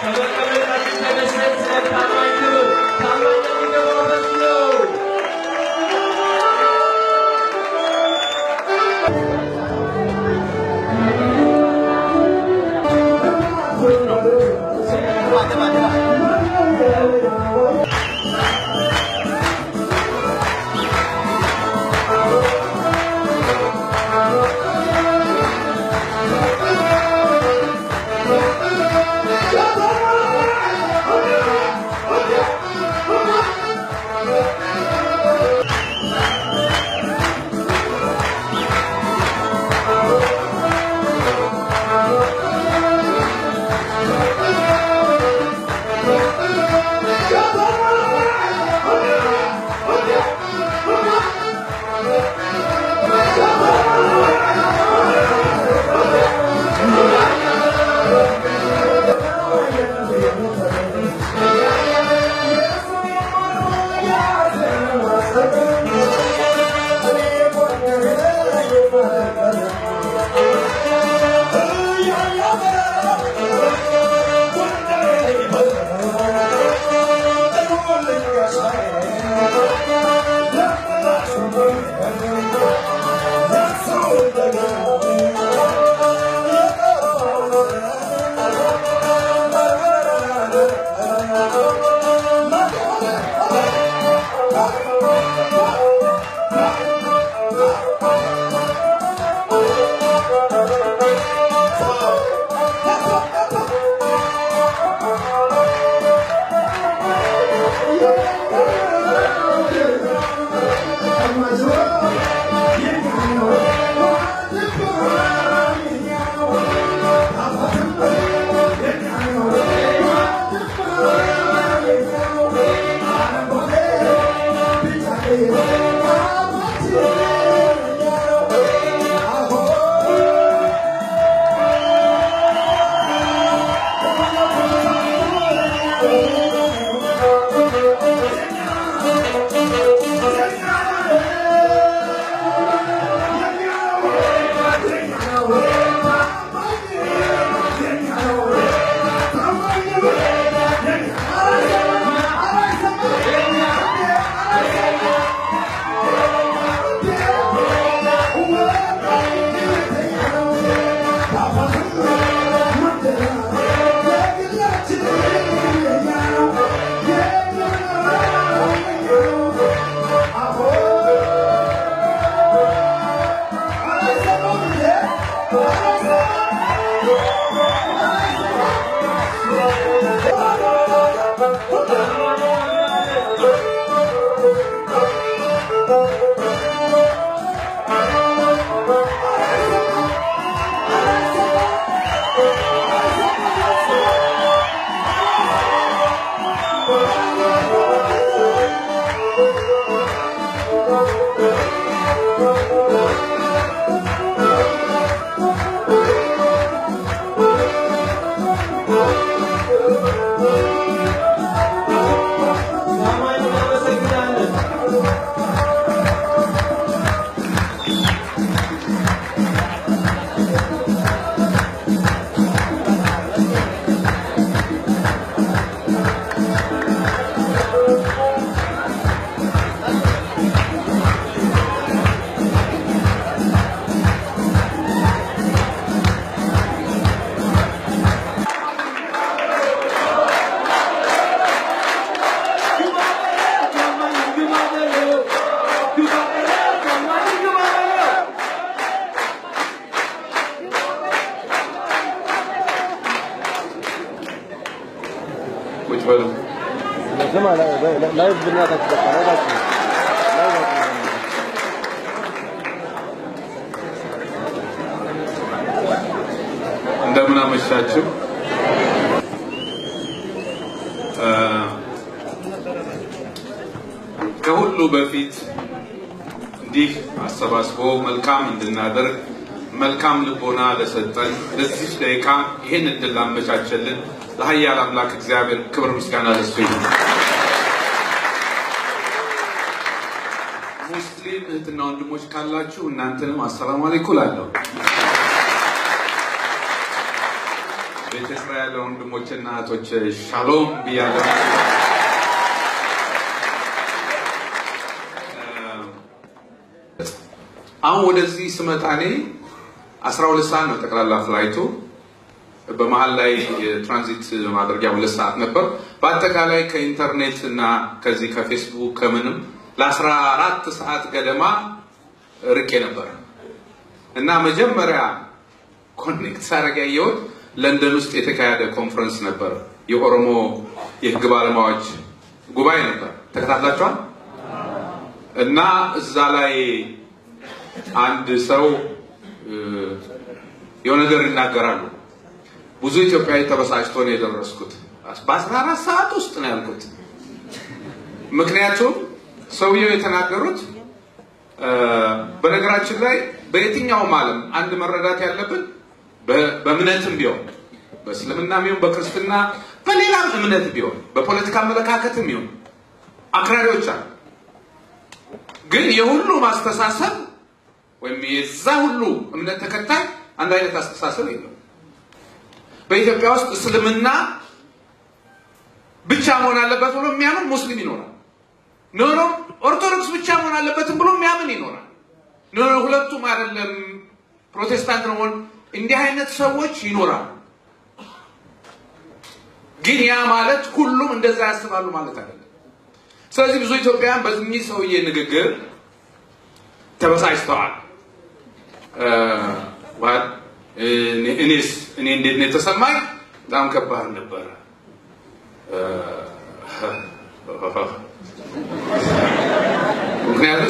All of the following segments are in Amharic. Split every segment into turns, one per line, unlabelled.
各位，各位，大家，谢谢大家。
ስማ ላይቭ ብናታች በቃ ላይቭ
እንደምን አመሻችሁ።
ከሁሉ በፊት እንዲህ አሰባስቦ መልካም እንድናደርግ መልካም ልቦና ለሰጠን ለዚህ ደቂቃ ይህን እንድላመቻቸልን ለኃያል አምላክ እግዚአብሔር ክብር ምስጋና ለሱ ይሁን። ሙስሊም እህትና ወንድሞች ካላችሁ እናንተንም አሰላሙ አለይኩም እላለሁ። ቤተ ስራ ወንድሞችና እህቶች ሻሎም ብያለሁ። አሁን ወደዚህ ስመጣ እኔ አስራ ሁለት ሰዓት ነው ጠቅላላ ፍላይቱ። በመሀል ላይ የትራንዚት ማድረጊያ ሁለት ሰዓት ነበር። በአጠቃላይ ከኢንተርኔት እና ከዚህ ከፌስቡክ ከምንም ለአስራ አራት ሰዓት ገደማ ርቄ ነበረ እና መጀመሪያ ኮኔክት ሳደርግ ያየሁት ለንደን ውስጥ የተካሄደ ኮንፈረንስ ነበር። የኦሮሞ የህግ ባለሙያዎች ጉባኤ ነበር። ተከታትላችኋል? እና እዛ ላይ አንድ ሰው የሆነ ነገር ይናገራሉ። ብዙ ኢትዮጵያዊ ተበሳጭቶ ነው የደረስኩት። በአስራ አራት ሰዓት ውስጥ ነው ያልኩት። ምክንያቱም ሰውየው የተናገሩት በነገራችን ላይ በየትኛውም ዓለም አንድ መረዳት ያለብን በእምነትም ቢሆን በእስልምና ቢሆን በክርስትና በሌላም እምነት ቢሆን በፖለቲካ አመለካከትም ቢሆን አክራሪዎች አሉ። ግን የሁሉ ማስተሳሰብ ወይም የዛ ሁሉ እምነት ተከታይ አንድ አይነት አስተሳሰብ የለውም። በኢትዮጵያ ውስጥ እስልምና ብቻ መሆን አለበት ብሎ የሚያምን ሙስሊም ይኖራል። ኖሮ ኦርቶዶክስ ብቻ መሆን አለበትም ብሎ የሚያምን ይኖራል። ኖሮ ሁለቱም አይደለም ፕሮቴስታንት ነው። እንዲህ አይነት ሰዎች ይኖራሉ። ግን ያ ማለት ሁሉም እንደዛ ያስባሉ ማለት አይደለም። ስለዚህ ብዙ ኢትዮጵያውያን በዚህ ሰውዬ ንግግር ተበሳጭተዋል። እኔስ እኔ እንዴት ነው የተሰማኝ? በጣም ከባድ ነበረ።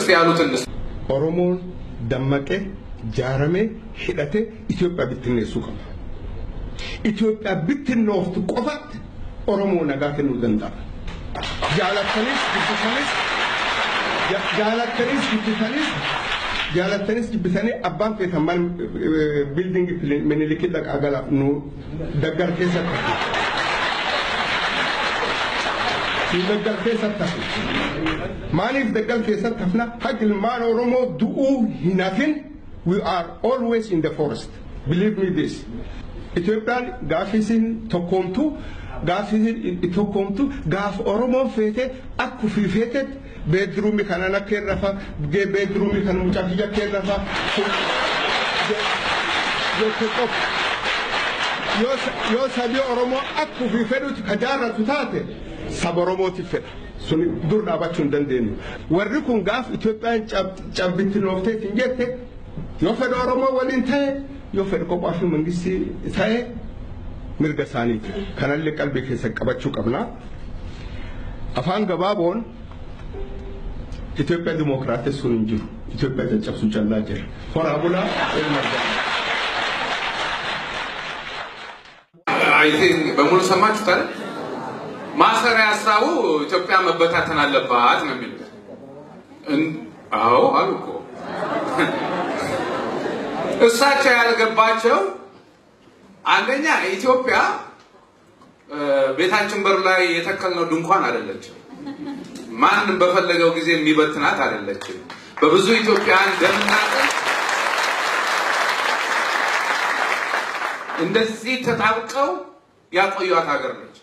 እስቲ ያሉትን እንስ
ኦሮሞን ደመቀ ጃረሜ ሂደቴ ኢትዮጵያ ብትነሱ ቀባ ኢትዮጵያ ብትነውፍት ቆፋት ኦሮሞ ነጋትን ዘንዳ ጃላተኒስ ግብተኒስ ጃላተኒስ ግብተኒስ ጃላተኒስ ጅብሰኔ አባን ፌተማን ቢልዲንግ ምኒልክ ደቃ ኑ ደጋር ኬሰት fi daggal keessatti hafna maaliif daggal keessatti hafna haq ilmaan oromoo du'uu hin hafin we are always in the forest believe me this itoophiyaan gaafi isin tokkoomtu gaafi isin tokkoomtu gaaf oromoon feete akku fi feetetti beedruumi kanan akka hin rafa beedruumi kan mucaa kiyya akka hin rafa jette qofa yoo sabii oromoo akku fi fedhutti ka jaarratu taate. saba Oromootiif fedha. sun dur dhaabachuu hin dandeenyu. Warri kun gaaf Itoophiyaan cabbitti nooftee hin jette yoo fedha Oromoo waliin ta'e yoo fedha kophaa fi mangistii ta'e mirga isaaniiti. Kanallee qalbii keessa qabachuu qabna. Afaan gabaaboon Itoophiyaa dimokiraatee sun hin jiru. Itoophiyaa caccabsu callaa jira. Horaa bulaa ilma argaa.
I think በሙሉ ሰማችሁታል ማሰሪያ ሀሳቡ ኢትዮጵያ መበታተን አለባት ነው የሚሉት። አዎ አሉ እኮ እሳቸው ያልገባቸው አንደኛ ኢትዮጵያ ቤታችን በር ላይ የተከልነው ድንኳን አይደለችም። ማንም በፈለገው ጊዜ የሚበትናት አይደለችም። በብዙ ኢትዮጵያን ደምና እንደዚህ ተጣብቀው ያቆዩት ሀገር ነች።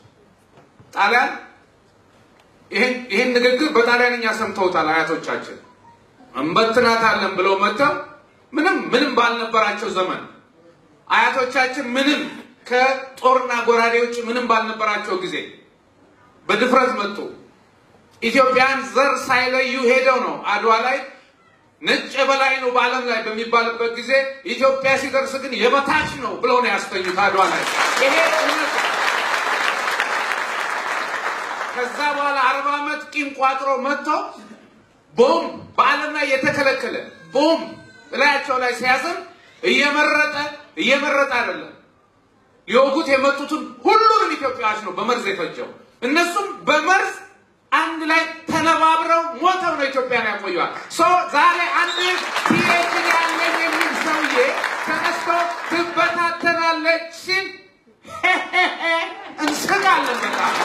ጣሊያን ይህን ንግግር በጣሊያንኛ ሰምተውታል አያቶቻችን። እንበትናታለን ብለው መጥተው ምንም ምንም ባልነበራቸው ዘመን አያቶቻችን ምንም ከጦርና ጎራዴዎች ውጭ ምንም ባልነበራቸው ጊዜ በድፍረት መጡ። ኢትዮጵያን ዘር ሳይለዩ ሄደው ነው አድዋ ላይ ነጭ የበላይ ነው በዓለም ላይ በሚባልበት ጊዜ ኢትዮጵያ ሲደርስ ግን የበታች ነው ብለው ነው ያስተኙት አድዋ ላይ ይሄ ከዛ በኋላ አርባ ዓመት ቂም ቋጥሮ መጥቶ ቦም በዓለም ላይ የተከለከለ ቦም እላያቸው ላይ ሲያዝን እየመረጠ እየመረጠ አይደለም ሊወጉት የመጡትን ሁሉንም ኢትዮጵያዎች ነው በመርዝ የፈጀው። እነሱም በመርዝ አንድ ላይ ተነባብረው ሞተው ነው ኢትዮጵያን ያቆዩዋል። ዛሬ አንድ ፒኤችዲ ያለኝ የሚል ሰውዬ ተነስቶ ትበታተናለች ሲል እንስቃለን በጣም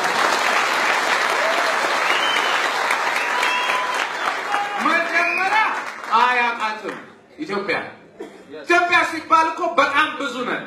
አያቃትም። ኢትዮጵያ ኢትዮጵያ ሲባል እኮ በጣም ብዙ ነን።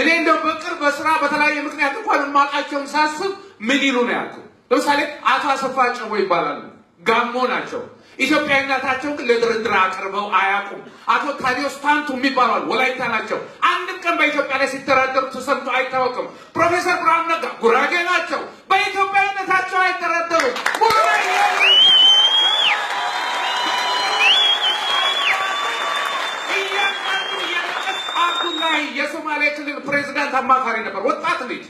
እኔ እንደው በቅርብ በስራ በተለያየ ምክንያት እንኳን የማውቃቸውን ሳስብ ምን ይሉ ነው ያልኩት። ለምሳሌ አቶ አሰፋ ጨቦ ይባላሉ፣ ጋሞ ናቸው። ኢትዮጵያዊነታቸውን ግን ለድርድር አቅርበው አያውቁም። አቶ ታዲዮስ ታንቱ የሚባሉ ወላይታ ናቸው። አንድም ቀን በኢትዮጵያ ላይ ሲተዳደሩ ተሰምቶ አይታወቅም። ፕሮፌሰር ብርሃኑ ነጋ ጉራጌ ናቸው። በኢትዮጵያዊነታቸው አይደራደሩም። አይ የሶማሌ ክልል ፕሬዚዳንት አማካሪ ነበር። ወጣት ልጅ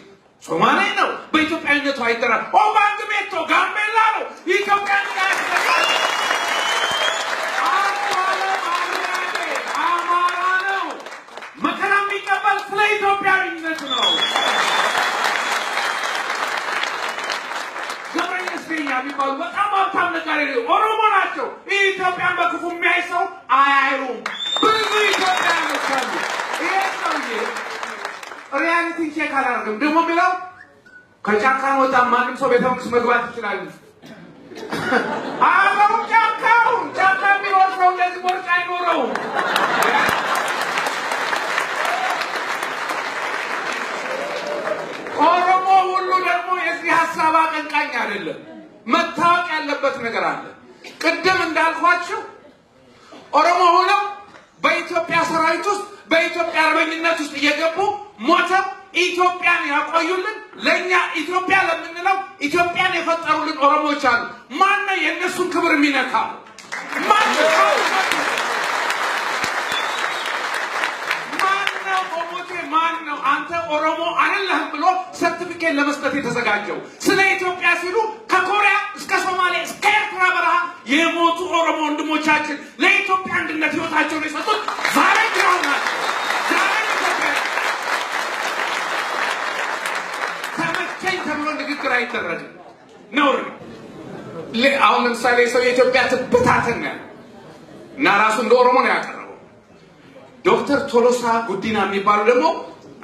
ሶማሌ ነው። በኢትዮጵያዊነቱ አይጠራ። ኦባንግ ቤቶ ጋምቤላ ነው። ኢትዮጵያ አማራ ነው። መከራ የሚቀበል ስለ ኢትዮጵያዊነት ነው። ገብረየስኛ የሚባሉ በጣም ሀብታም ነጋዴ ኦሮሞ ናቸው። ኢትዮጵያን በክፉ የሚያይ ሰው አያዩም። ብዙ ኢትዮጵያኖች አሉ። ሪያሊቲ ቼክ አላደርግም። ደግሞ የሚለው ከጫካ ወጣም ማንም ሰው ቤተ መንግስት መግባት ይችላል። አረው ጫካው ጫካ የሚወድ ነው እንደዚህ ቦርጭ አይኖረውም። ኦሮሞ ሁሉ ደግሞ የዚህ ሀሳብ አቀንቃኝ አይደለም። መታወቅ ያለበት ነገር አለ። ቅድም እንዳልኳችሁ ኦሮሞ ሆነው በኢትዮጵያ ሰራዊት ውስጥ በኢትዮጵያ አርበኝነት ውስጥ እየገቡ ሞተው ኢትዮጵያን ያቆዩልን ለእኛ ኢትዮጵያ ለምንለው ኢትዮጵያን የፈጠሩልን ኦሮሞዎች አሉ። ማነው የእነሱን ክብር የሚነካው? ማነው አንተ ኦሮሞ አይደለህም ብሎ ሰርቲፊኬት ለመስጠት የተዘጋጀው ስለ ኢትዮጵያ ሲሉ ከኮሪያ እስከ ሶማሌ እስከ ኤርትራ በረሃ የሞቱ ኦሮሞ ወንድሞቻችን ለኢትዮጵያ አንድነት ህይወታቸውን የሰጡት ዛሬ ግራው ተመቸኝ ተብሎ ንግግር አይደረግም፣ ነውር ነው። አሁን ለምሳሌ ሰው የኢትዮጵያ ትበታተን እና ራሱ እንደ ኦሮሞ ነው ያቀረበው። ዶክተር ቶሎሳ ጉዲና የሚባሉ ደግሞ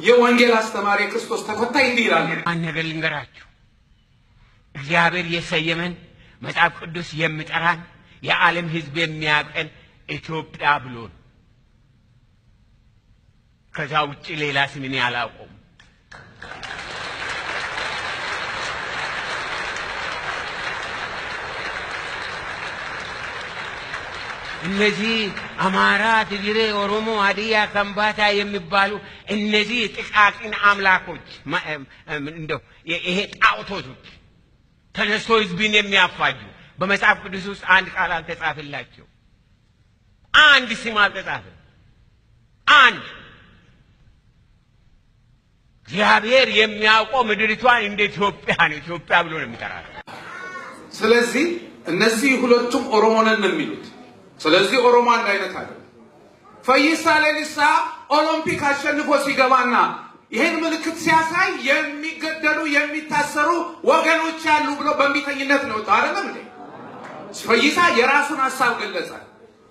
የወንጌል አስተማሪ የክርስቶስ ተከታይ እንዲህ ይላል።
አንድ ነገር ልንገራችሁ። እግዚአብሔር የሰየመን መጽሐፍ ቅዱስ የሚጠራን የዓለም ሕዝብ የሚያቀን ኢትዮጵያ ብሎን ከዛ ውጭ ሌላ ስምን ያላቆም እነዚህ አማራ፣ ትግሬ፣ ኦሮሞ፣ አድያ ከምባታ የሚባሉ እነዚህ ጥቃቅን አምላኮች እንደው ይሄ ጣዖቶች ተነስቶ ህዝብን የሚያፋጁ በመጽሐፍ ቅዱስ ውስጥ አንድ ቃል አልተጻፈላቸው፣ አንድ ስም አልተጻፈ። አንድ እግዚአብሔር የሚያውቀው ምድሪቷን እንደ ኢትዮጵያ ነው፣ ኢትዮጵያ ብሎ ነው የሚጠራ።
ስለዚህ እነዚህ ሁለቱም ኦሮሞ ነን ነው የሚሉት ስለዚህ ኦሮሞ አንድ አይነት አለ። ፈይሳ ሌሊሳ ኦሎምፒክ አሸንፎ ሲገባና ይህን ምልክት ሲያሳይ የሚገደሉ የሚታሰሩ ወገኖች ያሉ ብሎ በሚተኝነት ነው ወጣው። አይደለም እንዴ? ፈይሳ የራሱን ሀሳብ ገለጸ።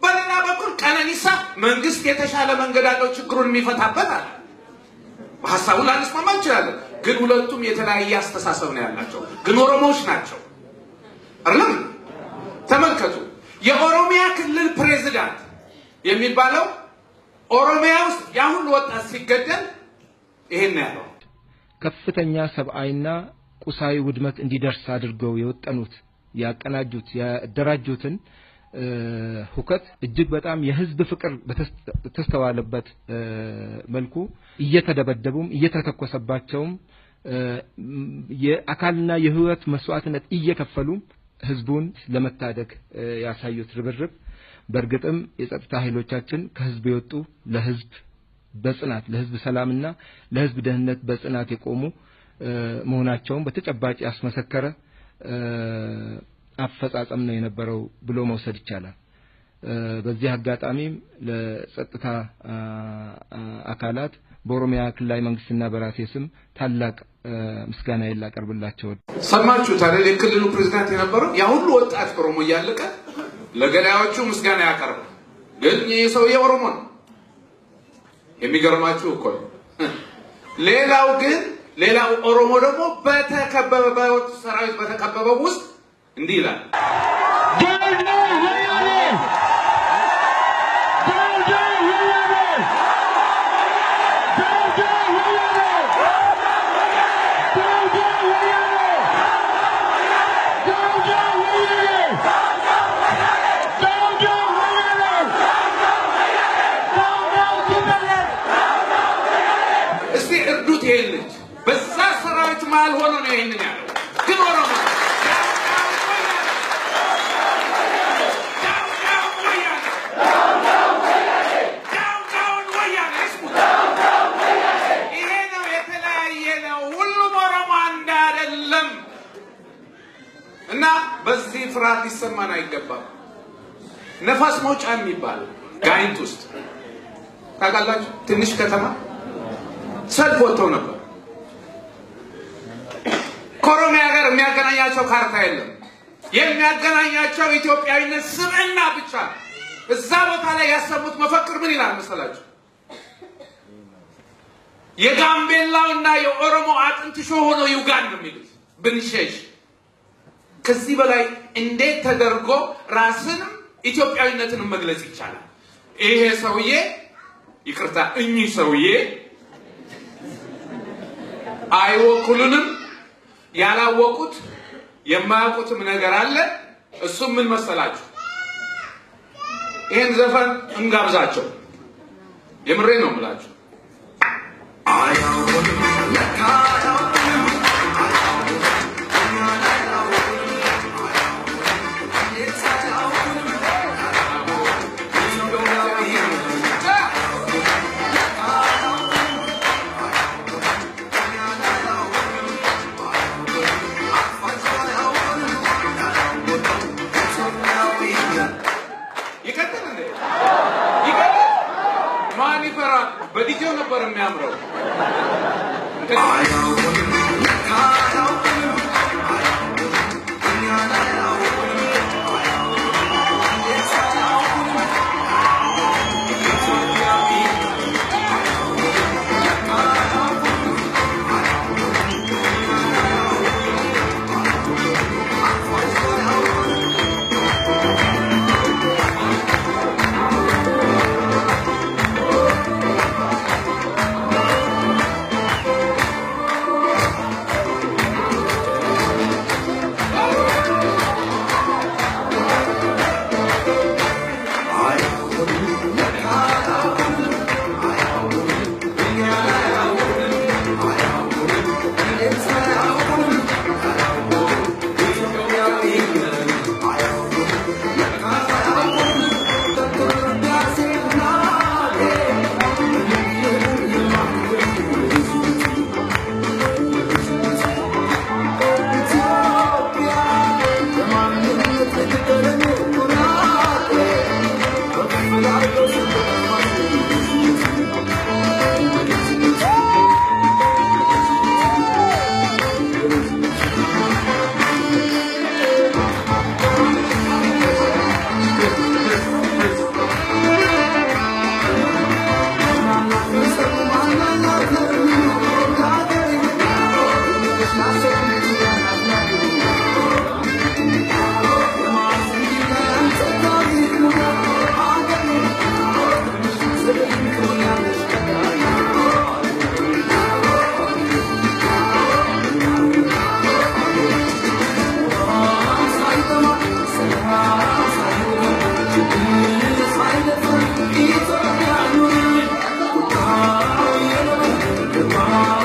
በሌላ በኩል ቀነኒሳ መንግስት የተሻለ መንገድ አለው ችግሩን የሚፈታበት አለ። በሀሳቡ ላንስማማ እንችላለን፣ ግን ሁለቱም የተለያየ አስተሳሰብ ነው ያላቸው፣ ግን ኦሮሞዎች ናቸው። አይደለም ተመልከቱ የኦሮሚያ ክልል ፕሬዝዳንት የሚባለው ኦሮሚያ ውስጥ ያሁን ወጣት ሲገደል ይሄን ያለው
ከፍተኛ ሰብአዊና ቁሳዊ ውድመት እንዲደርስ አድርገው የወጠኑት ያቀናጁት ያደራጁትን ሁከት እጅግ በጣም የህዝብ ፍቅር በተስተዋለበት መልኩ እየተደበደቡም እየተተኮሰባቸውም የአካልና የህይወት መስዋዕትነት እየከፈሉ ህዝቡን ለመታደግ ያሳዩት ርብርብ በእርግጥም የጸጥታ ኃይሎቻችን ከህዝብ የወጡ ለህዝብ በጽናት ለህዝብ ሰላምና ለህዝብ ደህንነት በጽናት የቆሙ መሆናቸውን በተጨባጭ ያስመሰከረ አፈጻጸም ነው የነበረው ብሎ መውሰድ ይቻላል። በዚህ አጋጣሚም ለጸጥታ አካላት በኦሮሚያ ክልላዊ መንግስትና በራሴ ስም ታላቅ ምስጋና የላቀርብላቸው።
ሰማችሁ የክልሉ ፕሬዚዳንት የነበረው ያ ሁሉ ወጣት ኦሮሞ እያለቀ ለገዳዮቹ ምስጋና ያቀርብ፣ ግን ይህ ሰውዬ ኦሮሞ ነው። የሚገርማችሁ እኮ ሌላው ግን ሌላው ኦሮሞ ደግሞ በተከበበ ሰራዊት በተከበበው ውስጥ እንዲህ ይላል ፍርሃት ሊሰማን አይገባም። ነፋስ መውጫ የሚባል ጋይንት ውስጥ ታውቃላችሁ፣ ትንሽ ከተማ ሰልፍ ወጥተው ነበር። ከኦሮሚያ ጋር የሚያገናኛቸው ካርታ የለም። የሚያገናኛቸው ኢትዮጵያዊነት ስብዕና ብቻ። እዛ ቦታ ላይ ያሰሙት መፈክር ምን ይላል መሰላችሁ? እና የኦሮሞ አጥንት ሾ ሆኖ ይውጋን ነው የሚሉት ብንሸሽ ከዚህ በላይ እንዴት ተደርጎ ራስንም ኢትዮጵያዊነትንም መግለጽ ይቻላል? ይሄ ሰውዬ ይቅርታ፣ እኚህ ሰውዬ አይወክሉንም። ያላወቁት የማያውቁትም ነገር አለ። እሱም ምን መሰላችሁ? ይህን ዘፈን እንጋብዛቸው። የምሬ ነው የምላችሁ። በዲጄው ነበር የሚያምረው። Whoa.